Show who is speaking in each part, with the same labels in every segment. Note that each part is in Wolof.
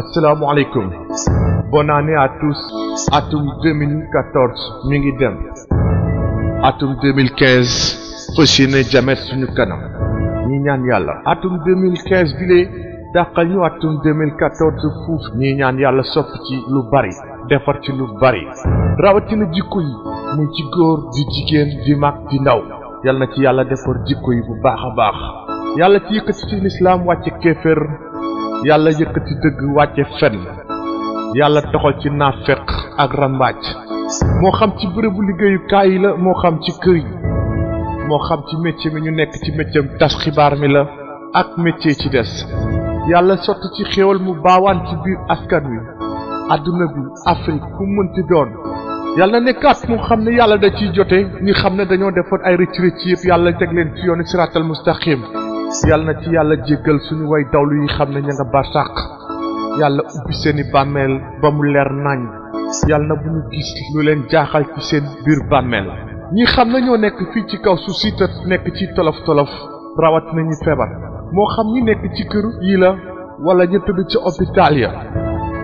Speaker 1: assalaamu aleykum bonne naa ne tous atum 2014 mi ngi dem atum 2015 fas yéene jamet suñu kanam ñi ñaan yàlla atum 2015 bile dàqal ñu atum fuuf ñi ñaan yàlla sopp ci lu bari defar ci lu bari rawatina jikko yi muy ci góor di jigéen di mag di ndaw yal na ci yàlla defar jikko yi bu baax a baax yàlla ci yëkkati ci lislaam wàcce kéefér yàlla yëkkati dëgg wàcce fenn yàlla toxal ci naafeq ak rambaaj moo xam ci bërëbu liggéeyukaay yi la moo xam ci kër yi moo xam ci métier mi ñu nekk ci métier tas xibaar mi la ak métier ci des yàlla sotti ci xewal mu baawaan ci biir askan wi àdduna bi Afrique fu mënti doon yàlla nekkaat moo xam ne yàlla da ciy jote ñi xam ne dañoo defoon ay rëcc rëcc yëpp yàlla teg leen ci yoonu siraatal mustaqim yalla na ci yalla jéggal suñu way dawlu yi xamna ñinga ba sax yalla yàlla ubbi seeni bàmmeel ba mu leer nañ yàlla na bu ñu gis lu leen jaaxal ci seen bir bàmmeel ñi xamna na ñoo nekk ci kaw su siita nekk ci tolof tolof rawat nañu febar mo xam ñi nekk ci kër yi la wala ñu tuddu ci hôpital ya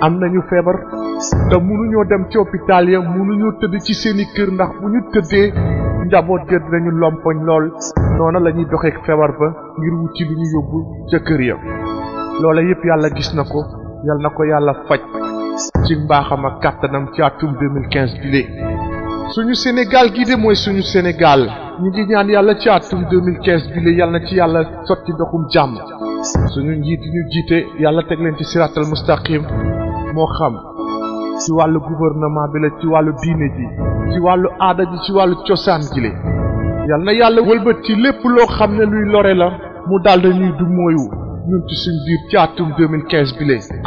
Speaker 1: am nañu feebar te ñoo dem ci hôpital ya ñoo tëdd ci seeni kër ndax bu ñu tëddee njaboot ga dinañu lompoñ lool noona la ñuy doxee feebar ba ngir wuti lu ñu yóbbu ca kër ya loola yépp yàlla gis na ko yal na ko yàlla faj ci mbaaxam ak kàttanam ci atum 2015 bi suñu Sénégal gi de mooy suñu Sénégal ñu ngi ñaan yàlla ci atum 2015 bi na ci yàlla sotti ndoxum jàmm suñu njiit ñu jiite yàlla teg leen ci siraatal mustaqim moo xam ci wàllu gouvernement bi la ci wàllu diine ji ci wàllu aada ji ci wàllu cosaan ji le yal na yàlla wëlbati ci lépp loo xam ne luy lore la mu daal dañuy du mooyu ñun ci suñ biir ci atum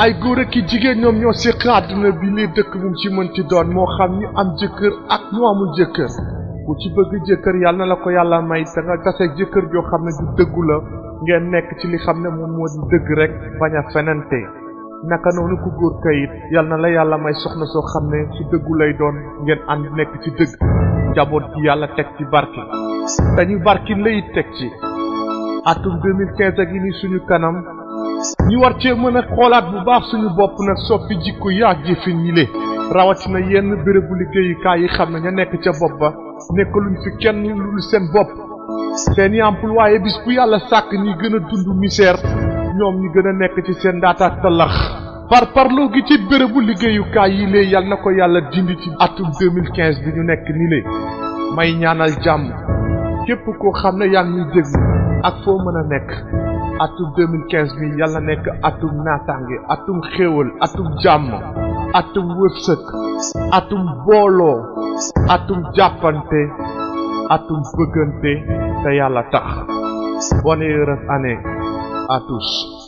Speaker 1: ay góor ak i jigéen ñoom ñoo séq adduna bi lii dëkk bu mën ci mënti doon moo xam ñi am jëkkër ak ñu amul jëkkër ku ci bëgg jëkkër yàlla na la ko yàlla may da nga jëkkër joo xam ne du dëggu la ngeen nekk ci li xam ne moom moo di dëgg rek bañ a fenante naka nonu ko gor kayit yal na la yalla may soxna so xamne ci deggu lay doon ngeen and nek ci deug jabot gi yalla tek ci barki dañu barki lay tek ci atum 2015 ak ni suñu kanam ñu war ci mëna xolaat bu baax suñu bop nak soppi jikko ya jëfin ñi le rawatina yenn bérébu liggéeyukaay yi xam ña nekk ca bop ba nekkaluñ fi kenn lu seen bop seen bis bu yàlla sàkk ñi gën a misère ñoom ñi gën a nekk ci seen ndaataak talax par parlo gi ci bérébu liggéeyukaay yi lee yal na ko yàlla dindi ci atum 2015 bi ñu nekk ni lee may ñaanal jàmm képp ko xam ne yaa ngi ak foo mën a nekk atum 2015 bi yàlla nekk atum naataange atum xéewal atum jàmm atum wërsëg atum booloo atum jàppante atum bëggante te yàlla tax bonne heureuse année Atos.